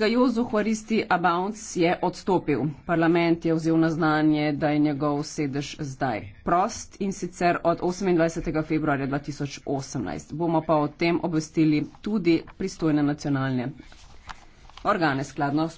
Jozu Huaristi Abounc je odstopil. Parlament je vzel na znanje, da je njegov sedež zdaj prost in sicer od 28. februarja 2018. Bomo pa o tem obvestili tudi pristojne nacionalne organe skladno.